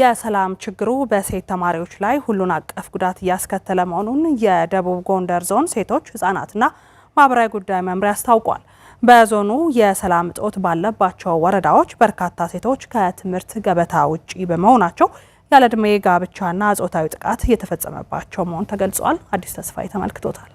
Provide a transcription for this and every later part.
የሰላም ችግሩ በሴት ተማሪዎች ላይ ሁሉን አቀፍ ጉዳት እያስከተለ መሆኑን የደቡብ ጎንደር ዞን ሴቶች ህጻናትና ማህበራዊ ጉዳይ መምሪያ አስታውቋል። በዞኑ የሰላም እጦት ባለባቸው ወረዳዎች በርካታ ሴቶች ከትምህርት ገበታ ውጪ በመሆናቸው ያለዕድሜ ጋብቻና ጾታዊ ጥቃት እየተፈጸመባቸው መሆኑ ተገልጿል። አዲስ ተስፋ ተመልክቶታል።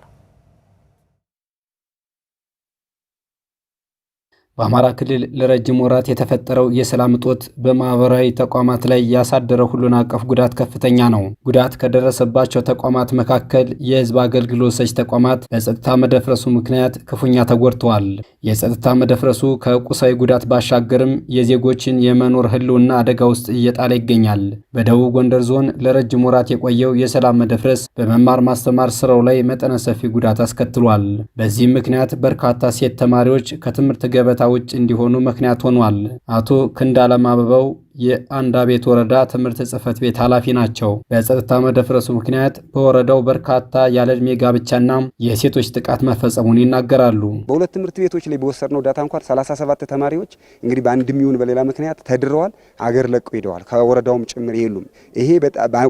በአማራ ክልል ለረጅም ወራት የተፈጠረው የሰላም እጦት በማህበራዊ ተቋማት ላይ ያሳደረው ሁሉን አቀፍ ጉዳት ከፍተኛ ነው። ጉዳት ከደረሰባቸው ተቋማት መካከል የህዝብ አገልግሎት ሰጪ ተቋማት በጸጥታ መደፍረሱ ምክንያት ክፉኛ ተጎድተዋል። የጸጥታ መደፍረሱ ከቁሳዊ ጉዳት ባሻገርም የዜጎችን የመኖር ህልውና አደጋ ውስጥ እየጣለ ይገኛል። በደቡብ ጎንደር ዞን ለረጅም ወራት የቆየው የሰላም መደፍረስ በመማር ማስተማር ስራው ላይ መጠነ ሰፊ ጉዳት አስከትሏል። በዚህም ምክንያት በርካታ ሴት ተማሪዎች ከትምህርት ገበታ ውጭ እንዲሆኑ ምክንያት ሆኗል። አቶ ክንዳለም አበበው የአንዳቤት ወረዳ ትምህርት ጽህፈት ቤት ኃላፊ ናቸው። በጸጥታ መደፍረሱ ምክንያት በወረዳው በርካታ ያለዕድሜ ጋብቻና የሴቶች ጥቃት መፈጸሙን ይናገራሉ። በሁለት ትምህርት ቤቶች ላይ በወሰድነው ዳታ እንኳን 37 ተማሪዎች እንግዲህ በአንድ የሚሆን በሌላ ምክንያት ተድረዋል፣ አገር ለቀው ሄደዋል። ከወረዳውም ጭምር የሉም። ይሄ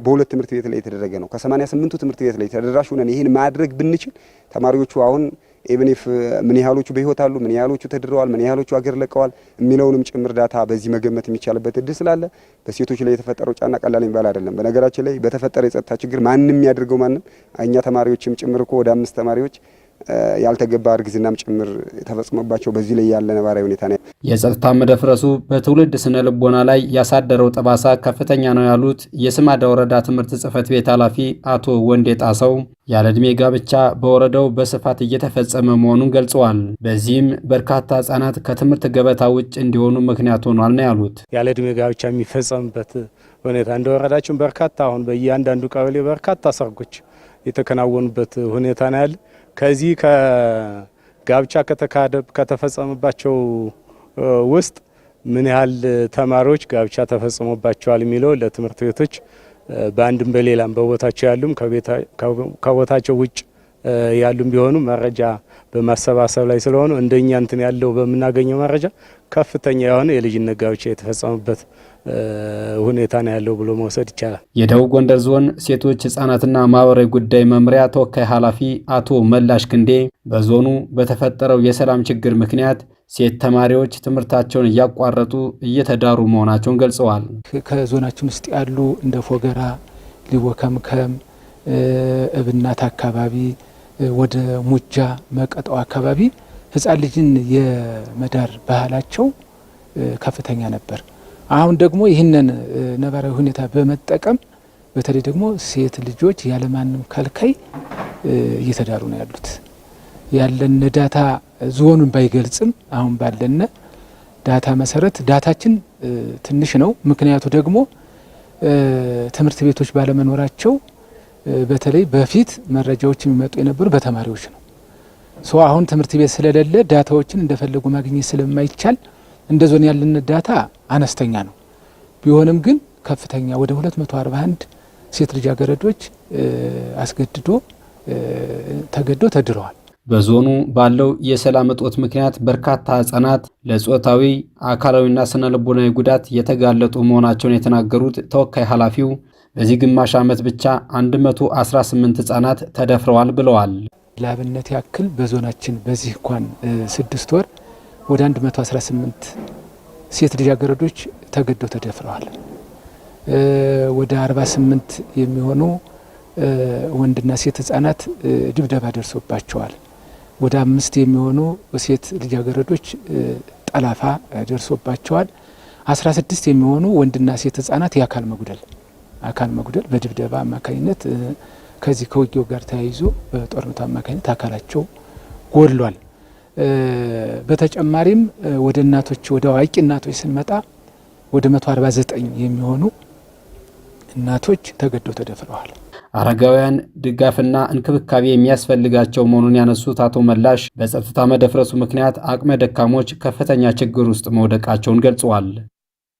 በሁለት ትምህርት ቤት ላይ የተደረገ ነው። ከ88ቱ ትምህርት ቤት ላይ ተደራሽ ሆነን ይህን ማድረግ ብንችል ተማሪዎቹ አሁን ኢቭን ኢፍ ምን ያህሎቹ በህይወት አሉ፣ ምን ያህሎቹ ተድረዋል፣ ምን ያህሎቹ አገር ለቀዋል የሚለውንም ጭምር ዳታ በዚህ መገመት የሚቻልበት እድል ስላለ በሴቶች ላይ የተፈጠረው ጫና ቀላል የሚባል አይደለም። በነገራችን ላይ በተፈጠረ የጸጥታ ችግር ማንም ያድርገው ማንም እኛ ተማሪዎችም ጭምር እኮ ወደ አምስት ተማሪዎች ያልተገባ እርግዝናም ጭምር ተፈጽሞባቸው በዚህ ላይ ያለ ነባራዊ ሁኔታ ነው። የጸጥታ መደፍረሱ በትውልድ ስነ ልቦና ላይ ያሳደረው ጠባሳ ከፍተኛ ነው ያሉት የስማዳ ወረዳ ትምህርት ጽሕፈት ቤት ኃላፊ አቶ ወንዴ ጣሰው ያለ ዕድሜ ጋብቻ በወረዳው በስፋት እየተፈጸመ መሆኑን ገልጸዋል። በዚህም በርካታ ህጻናት ከትምህርት ገበታ ውጭ እንዲሆኑ ምክንያት ሆኗል ነው ያሉት። ያለ ዕድሜ ጋብቻ የሚፈጸምበት ሁኔታ እንደ ወረዳችን በርካታ አሁን በእያንዳንዱ ቀበሌ በርካታ ሰርጎች የተከናወኑበት ሁኔታ ነው ያለ። ከዚህ ከጋብቻ ከተካሄደ ከተፈጸመባቸው ውስጥ ምን ያህል ተማሪዎች ጋብቻ ተፈጽሞባቸዋል የሚለው ለትምህርት ቤቶች በአንድም በሌላም በቦታቸው ያሉም ከቦታቸው ውጭ ያሉም ቢሆኑ መረጃ በማሰባሰብ ላይ ስለሆኑ እንደኛ እንትን ያለው በምናገኘው መረጃ ከፍተኛ የሆነ የልጅነት ጋብቻ የተፈጸመበት ሁኔታ ነው ያለው ብሎ መውሰድ ይቻላል። የደቡብ ጎንደር ዞን ሴቶች ህጻናትና ማህበራዊ ጉዳይ መምሪያ ተወካይ ኃላፊ አቶ መላሽ ክንዴ በዞኑ በተፈጠረው የሰላም ችግር ምክንያት ሴት ተማሪዎች ትምህርታቸውን እያቋረጡ እየተዳሩ መሆናቸውን ገልጸዋል። ከዞናችን ውስጥ ያሉ እንደ ፎገራ፣ ሊቦ ከምከም፣ እብናት አካባቢ ወደ ሙጃ መቀጠው አካባቢ ህጻን ልጅን የመዳር ባህላቸው ከፍተኛ ነበር። አሁን ደግሞ ይህንን ነባራዊ ሁኔታ በመጠቀም በተለይ ደግሞ ሴት ልጆች ያለማንም ከልካይ እየተዳሩ ነው ያሉት። ያለን ዳታ ዝሆኑን ባይገልጽም አሁን ባለን ዳታ መሰረት ዳታችን ትንሽ ነው። ምክንያቱ ደግሞ ትምህርት ቤቶች ባለመኖራቸው በተለይ በፊት መረጃዎች የሚመጡ የነበሩ በተማሪዎች ነው። ሶ አሁን ትምህርት ቤት ስለሌለ ዳታዎችን እንደፈለጉ ማግኘት ስለማይቻል እንደ ዞን ያለን ዳታ አነስተኛ ነው። ቢሆንም ግን ከፍተኛ ወደ 241 ሴት ልጃገረዶች አስገድዶ ተገዶ ተድረዋል። በዞኑ ባለው የሰላም እጦት ምክንያት በርካታ ህጻናት ለጾታዊ አካላዊና ስነ ልቦናዊ ጉዳት የተጋለጡ መሆናቸውን የተናገሩት ተወካይ ኃላፊው በዚህ ግማሽ ዓመት ብቻ 118 ህጻናት ተደፍረዋል ብለዋል። ለአብነት ያክል በዞናችን በዚህ እንኳን ስድስት ወር ወደ 118 ሴት ልጃገረዶች ተገደው ተደፍረዋል። ወደ ስምንት የሚሆኑ ወንድና ሴት ህጻናት ድብደባ ደርሶባቸዋል። ወደ አምስት የሚሆኑ ሴት ልጃገረዶች ጠላፋ ደርሶባቸዋል። ስድስት የሚሆኑ ወንድና ሴት ህጻናት የአካል መጉደል አካል መጉደል በድብደባ አማካኝነት ከዚህ ከውጊያው ጋር ተያይዞ በጦርነቱ አማካኝነት አካላቸው ጎድሏል። በተጨማሪም ወደ እናቶች ወደ አዋቂ እናቶች ስንመጣ ወደ 149 የሚሆኑ እናቶች ተገደው ተደፍረዋል። አረጋውያን ድጋፍና እንክብካቤ የሚያስፈልጋቸው መሆኑን ያነሱት አቶ መላሽ በጸጥታ መደፍረሱ ምክንያት አቅመ ደካሞች ከፍተኛ ችግር ውስጥ መውደቃቸውን ገልጸዋል።